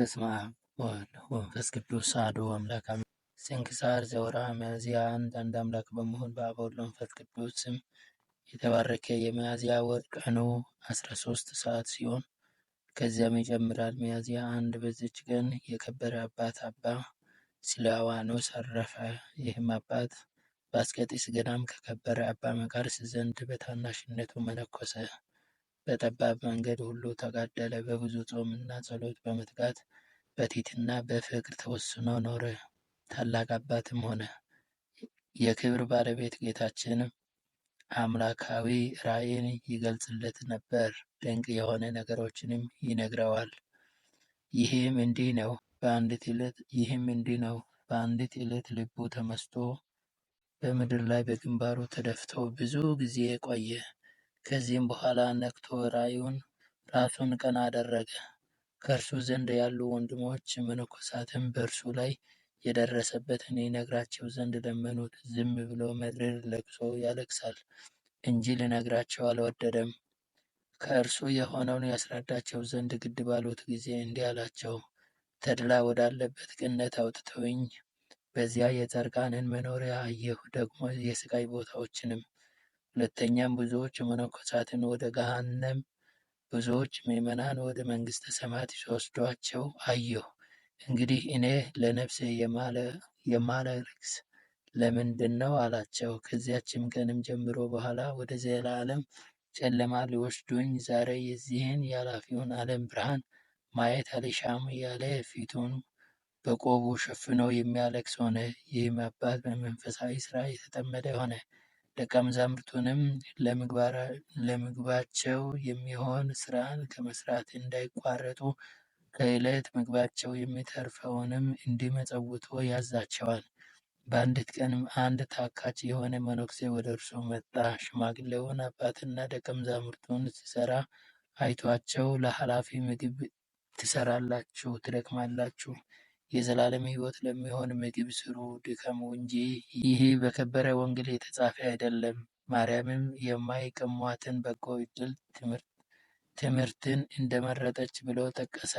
በስመ አብ ወወልድ ወመንፈስ ቅዱስ አሐዱ አምላክ አሜን። ስንክሳር ዘወርኃ ሚያዝያ አንድ አንድ አምላክ በመሆን በአብ ወልድ መንፈስ ቅዱስ ስም የተባረከ የሚያዝያ ወር ቀኑ 13 ሰዓት ሲሆን ከዚያም ይጀምራል። ሚያዝያ አንድ በዚች ቀን የከበረ አባት አባ ስልዋኖስ አረፈ። ይህም አባት በአስቄጥስ ገዳም ከከበረ አባ መቃርስ ዘንድ በታናሽነቱ መነኮሰ። በጠባብ መንገድ ሁሉ ተጋደለ። በብዙ ጾም እና ጸሎት በመትጋት በትህትና በፍቅር ተወስኖ ኖረ። ታላቅ አባትም ሆነ። የክብር ባለቤት ጌታችንም አምላካዊ ራእይን ይገልጽለት ነበር፣ ድንቅ የሆነ ነገሮችንም ይነግረዋል። ይህም እንዲህ ነው በአንዲት ዕለት ይህም እንዲህ ነው በአንዲት ዕለት ልቡ ተመስጦ በምድር ላይ በግንባሩ ተደፍቶ ብዙ ጊዜ ቆየ። ከዚህም በኋላ ነክቶ ራዩን ራሱን ቀና አደረገ። ከእርሱ ዘንድ ያሉ ወንድሞች መነኮሳትም በእርሱ ላይ የደረሰበትን ይነግራቸው ዘንድ ለመኑት። ዝም ብሎ መድር ለቅሶ ያለቅሳል እንጂ ሊነግራቸው አልወደደም። ከእርሱ የሆነውን ያስረዳቸው ዘንድ ግድ ባሉት ጊዜ እንዲህ አላቸው። ተድላ ወዳለበት ገነት አውጥተውኝ በዚያ የጻድቃንን መኖሪያ አየሁ፣ ደግሞ የስቃይ ቦታዎችንም ሁለተኛም ብዙዎች መነኮሳትን ወደ ገሃነም ብዙዎች ምእመናን ወደ መንግሥተ ሰማያት ሲወስዷቸው አየሁ። እንግዲህ እኔ ለነፍሴ ርግስ ለምንድን ነው አላቸው። ከዚያችም ቀንም ጀምሮ በኋላ ወደ ዘላለም ጨለማ ሊወስዱኝ ዛሬ የዚህን የኃላፊውን ዓለም ብርሃን ማየት አልሻም እያለ ፊቱን በቆቡ ሸፍኖ የሚያለቅስ ሆነ። ይህም አባት በመንፈሳዊ ስራ የተጠመደ ሆነ። ደቀ መዛሙርቱንም ለምግባቸው የሚሆን ስራን ከመስራት እንዳይቋረጡ ከዕለት ምግባቸው የሚተርፈውንም እንዲመጸውቱ ያዛቸዋል። በአንዲት ቀንም አንድ ታካች የሆነ መነኩሴ ወደ እርሱ መጣ። ሽማግሌውን አባትና ደቀ መዛሙርቱን ሲሰራ አይቷቸው ለኃላፊ ምግብ ትሰራላችሁ፣ ትደክማላችሁ የዘላለም ሕይወት ለሚሆን ምግብ ስሩ ድከሙ እንጂ ይሄ በከበረ ወንጌል የተጻፈ አይደለም። ማርያምም የማይቀሟትን በጎ እድል ትምህርትን እንደመረጠች ብሎ ጠቀሰ።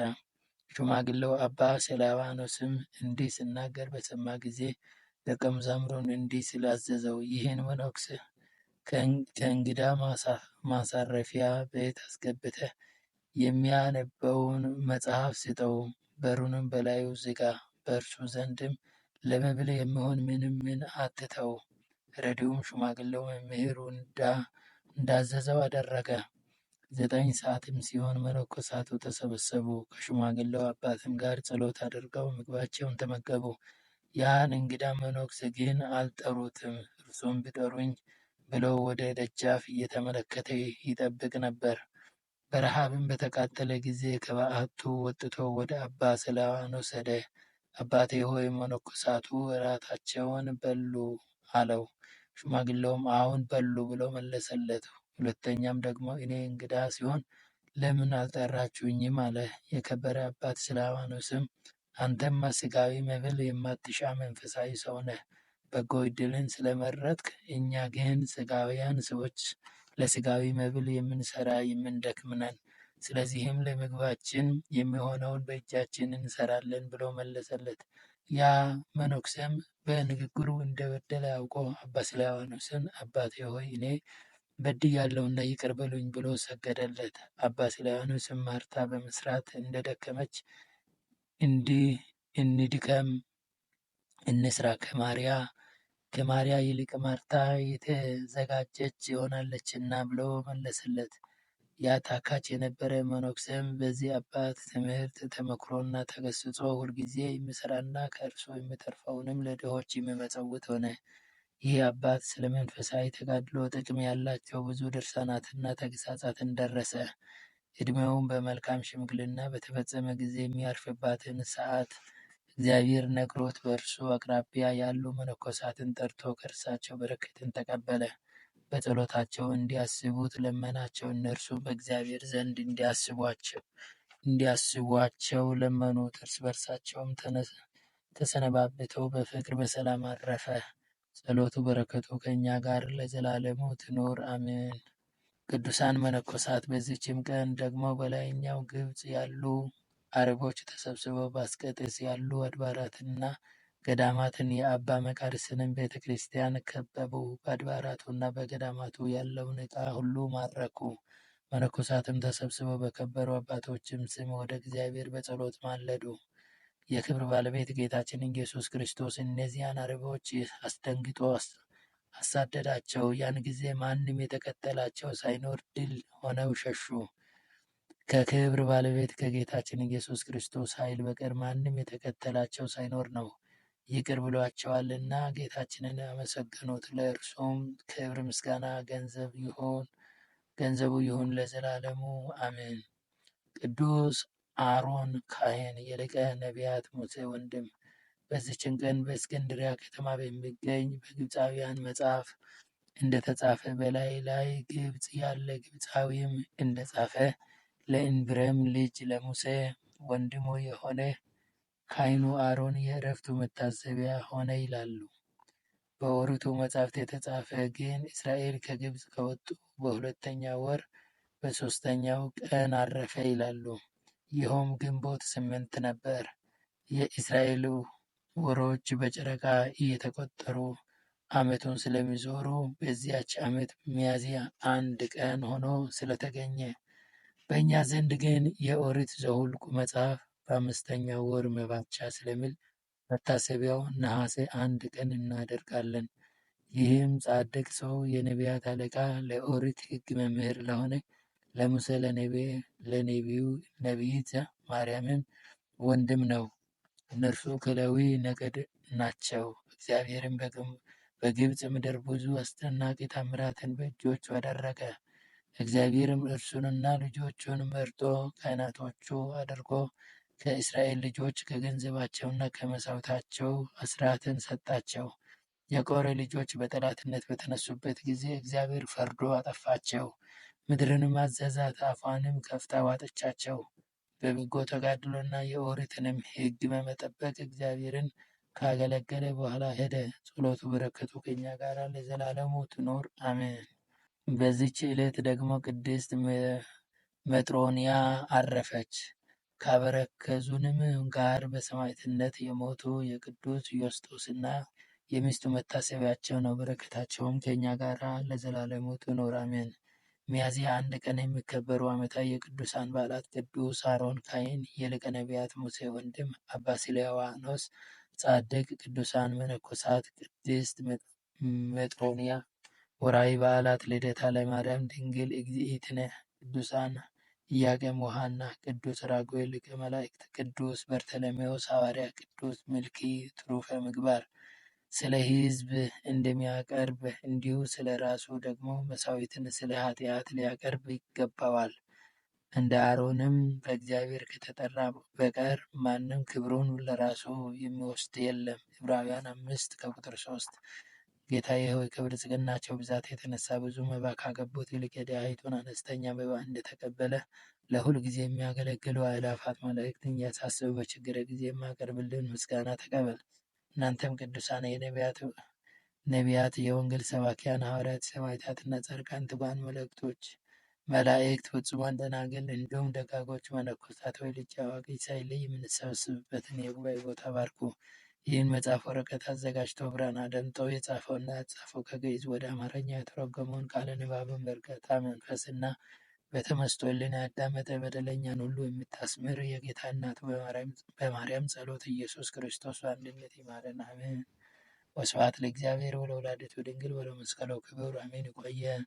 ሽማግሌው አባ ስልዋኖስም እንዲህ ሲናገር በሰማ ጊዜ ደቀ መዛሙሩን እንዲህ ሲል አዘዘው፣ ይህን መነኩሴ ከእንግዳ ማሳረፊያ ቤት አስገብተ የሚያነበውን መጽሐፍ ስጠው። በሩንም በላዩ ዝጋ፣ በእርሱ ዘንድም ለመብል የሚሆን ምንም ምን አትተው። ረዲውም ሽማግሌው መምህሩ እንዳዘዘው አደረገ። ዘጠኝ ሰዓትም ሲሆን መነኮሳቱ ተሰበሰቡ፣ ከሽማግሌው አባትም ጋር ጸሎት አድርገው ምግባቸውን ተመገቡ። ያን እንግዳ መኖክ ግን አልጠሩትም። እርሱም ቢጠሩኝ ብለው ወደ ደጃፍ እየተመለከተ ይጠብቅ ነበር። በረሃብን በተቃጠለ ጊዜ ከበዓቱ ወጥቶ ወደ አባ ስልዋን ወሰደ። አባቴ ሆይ መነኮሳቱ እራታቸውን በሉ አለው። ሽማግሌውም አሁን በሉ ብሎ መለሰለት። ሁለተኛም ደግሞ እኔ እንግዳ ሲሆን ለምን አልጠራችሁኝም? አለ። የከበረ አባት ስልዋኖስም አንተማ ስጋዊ መብል የማትሻ መንፈሳዊ ሰው ነህ፣ በጎ ዕድልን ስለመረጥክ፣ እኛ ግን ስጋውያን ሰዎች ለስጋዊ መብል የምንሰራ የምንደክም ስለዚህም ለምግባችን የሚሆነውን በእጃችን እንሰራለን ብሎ መለሰለት። ያ መነኩሴም በንግግሩ እንደበደለ አውቆ አባ ስልዋኖስን አባቴ ሆይ እኔ በድያለሁና ይቅር በሉኝ ብሎ ሰገደለት። አባ ስልዋኖስም ማርታ በመስራት እንደደከመች እንዲህ እንድከም እንስራ ከማርያ ከማርያ ይልቅ ማርታ የተዘጋጀች ይሆናለችና ብሎ መለሰለት። ያ ታካች የነበረ መኖክሰም በዚህ አባት ትምህርት ተመክሮና ተገስጾ ሁልጊዜ የሚሠራና ከእርሱ የሚተርፈውንም ለድሆች የሚመጸውት ሆነ። ይህ አባት ስለ መንፈሳዊ ተጋድሎ ጥቅም ያላቸው ብዙ ድርሳናትና ተግሳጻትን ደረሰ። እድሜውን በመልካም ሽምግልና በተፈጸመ ጊዜ የሚያርፍባትን ሰዓት እግዚአብሔር ነግሮት በእርሱ አቅራቢያ ያሉ መነኮሳትን ጠርቶ ከእርሳቸው በረከትን ተቀበለ። በጸሎታቸው እንዲያስቡት ለመናቸው፣ እነርሱ በእግዚአብሔር ዘንድ እንዲያስቧቸው ለመኑት። እርስ በርሳቸውም ተሰነባብተው በፍቅር በሰላም አረፈ። ጸሎቱ በረከቱ ከእኛ ጋር ለዘላለሙ ትኖር አሜን። ቅዱሳን መነኮሳት በዚችም ቀን ደግሞ በላይኛው ግብጽ ያሉ አረቦች ተሰብስበው በአስቄጥስ ያሉ አድባራትንና ገዳማትን የአባ መቃርስንም ቤተ ክርስቲያን ከበቡ። በአድባራቱና በገዳማቱ ያለውን ዕቃ ሁሉ ማረኩ። መነኮሳትም ተሰብስበው በከበሩ አባቶችም ስም ወደ እግዚአብሔር በጸሎት ማለዱ። የክብር ባለቤት ጌታችን ኢየሱስ ክርስቶስ እነዚያን አረቦች አስደንግጦ አሳደዳቸው። ያን ጊዜ ማንም የተከተላቸው ሳይኖር ድል ሆነው ሸሹ። ከክብር ባለቤት ከጌታችን ኢየሱስ ክርስቶስ ኃይል በቀር ማንም የተከተላቸው ሳይኖር ነው። ይቅር ብሏቸዋልና ጌታችንን አመሰገኑት። ለእርሱም ክብር ምስጋና ገንዘብ ይሆን ገንዘቡ ይሁን ለዘላለሙ አሜን። ቅዱስ አሮን ካህን የሊቀ ነቢያት ሙሴ ወንድም በዚችን ቀን በእስክንድሪያ ከተማ በሚገኝ በግብፃውያን መጽሐፍ እንደተጻፈ በላይ ላይ ግብፅ ያለ ግብፃዊም እንደጻፈ ለኢንብረም ልጅ ለሙሴ ወንድሙ የሆነ ካህኑ አሮን የእረፍቱ መታሰቢያ ሆነ ይላሉ። በኦሪቱ መጻሕፍት የተጻፈ ግን እስራኤል ከግብፅ ከወጡ በሁለተኛ ወር በሦስተኛው ቀን አረፈ ይላሉ። ይኸውም ግንቦት ስምንት ነበር። የእስራኤል ወሮች በጨረቃ እየተቆጠሩ ዓመቱን ስለሚዞሩ በዚያች ዓመት ሚያዝያ አንድ ቀን ሆኖ ስለተገኘ በእኛ ዘንድ ግን የኦሪት ዘኍልቍ መጽሐፍ በአምስተኛው ወር መባቻ ስለሚል መታሰቢያው ነሐሴ አንድ ቀን እናደርጋለን። ይህም ጻድቅ ሰው የነቢያት አለቃ ለኦሪት ሕግ መምህር ለሆነ ለሙሴ ለነቢዩ ነቢይት ማርያምም ወንድም ነው። እነርሱ ከሌዊ ነገድ ናቸው። እግዚአብሔርም በግብፅ ምድር ብዙ አስደናቂ ታምራትን በእጆቹ አደረገ። እግዚአብሔርም እርሱንና ልጆቹን መርጦ ካህናቶቹ አድርጎ ከእስራኤል ልጆች ከገንዘባቸውና ከመሳውታቸው አስራትን ሰጣቸው። የቆሬ ልጆች በጠላትነት በተነሱበት ጊዜ እግዚአብሔር ፈርዶ አጠፋቸው። ምድርንም አዘዛት፣ አፏንም ከፍታ ዋጠቻቸው። በበጎ ተጋድሎና የኦሪትንም ሕግ በመጠበቅ እግዚአብሔርን ካገለገለ በኋላ ሄደ። ጸሎቱ በረከቱ ከኛ ጋር ለዘላለሙ ትኖር አሜን። በዚች ዕለት ደግሞ ቅድስት መጥሮንያ አረፈች። ካበረከዙንም ጋር በሰማዕትነት የሞቱ የቅዱስ ዮስጦስና የሚስቱ መታሰቢያቸው ነው። በረከታቸውም ከኛ ጋር ለዘላለሙ ትኑር አሜን። ሚያዝያ አንድ ቀን የሚከበሩ ዓመታዊ የቅዱሳን በዓላት ቅዱስ አሮን ካይን፣ የሊቀ ነቢያት ሙሴ ወንድም፣ አባ ስልዋኖስ ጻድቅ፣ ቅዱሳን መነኮሳት፣ ቅድስት መጥሮንያ ወራዊ በዓላት፦ ልደታ ለማርያም ድንግል እግዝእትነ ቅዱሳን ኢያቄም ወሐና፣ ቅዱስ ራጉኤል ሊቀ መላእክት፣ ቅዱስ በርተሎሜዎስ ሐዋርያ፣ ቅዱስ ሚልኪ ትሩፈ ምግባር። ስለ ሕዝብ እንደሚያቀርብ እንዲሁ ስለ ራሱ ደግሞ መሥዋዕትን ስለ ኃጢአት ሊያቀርብ ይገባዋል። እንደ አሮንም በእግዚአብሔር ከተጠራ በቀር ማንም ክብሩን ለራሱ የሚወስድ የለም። ዕብራውያን አምስት ከቁጥር ሶስት ጌታዬ ሆይ ከብልጽግናቸው ብዛት የተነሳ ብዙ መባ ካገቡት ይልቅ የድሃይቱን አነስተኛ መባ እንደተቀበለ ለሁል ጊዜ የሚያገለግሉ አእላፋት መላእክትን እያሳስብ በችግር ጊዜ የማቀርብልን ምስጋና ተቀበል። እናንተም ቅዱሳን ነቢያት፣ የወንጌል ሰባኪያን ሐዋርያት፣ ሰማዕታትና ጻድቃን፣ ትጉሃን መላእክቶች መላእክት ፍጹማን ደናግል፣ እንዲሁም ደጋጎች መነኮሳት ወይ ልጅ አዋቂ ሳይለይ የምንሰበስብበትን የጉባኤ ቦታ ባርኩ። ይህን መጽሐፍ ወረቀት አዘጋጅቶ ብራና ደምጠው የጻፈውና ያጻፈው ከግዕዝ ወደ አማርኛ የተረጎመውን ቃለ ንባብን በእርጋታ መንፈስና በተመስጦልን ያዳመጠ በደለኛን ሁሉ የምታስምር የጌታ እናቱ በማርያም ጸሎት ኢየሱስ ክርስቶስ በአንድነት ይማረን፣ አሜን። ወስብሐት ለእግዚአብሔር ወለወላዲቱ ድንግል ወለመስቀሉ ክቡር አሜን። ይቆየን።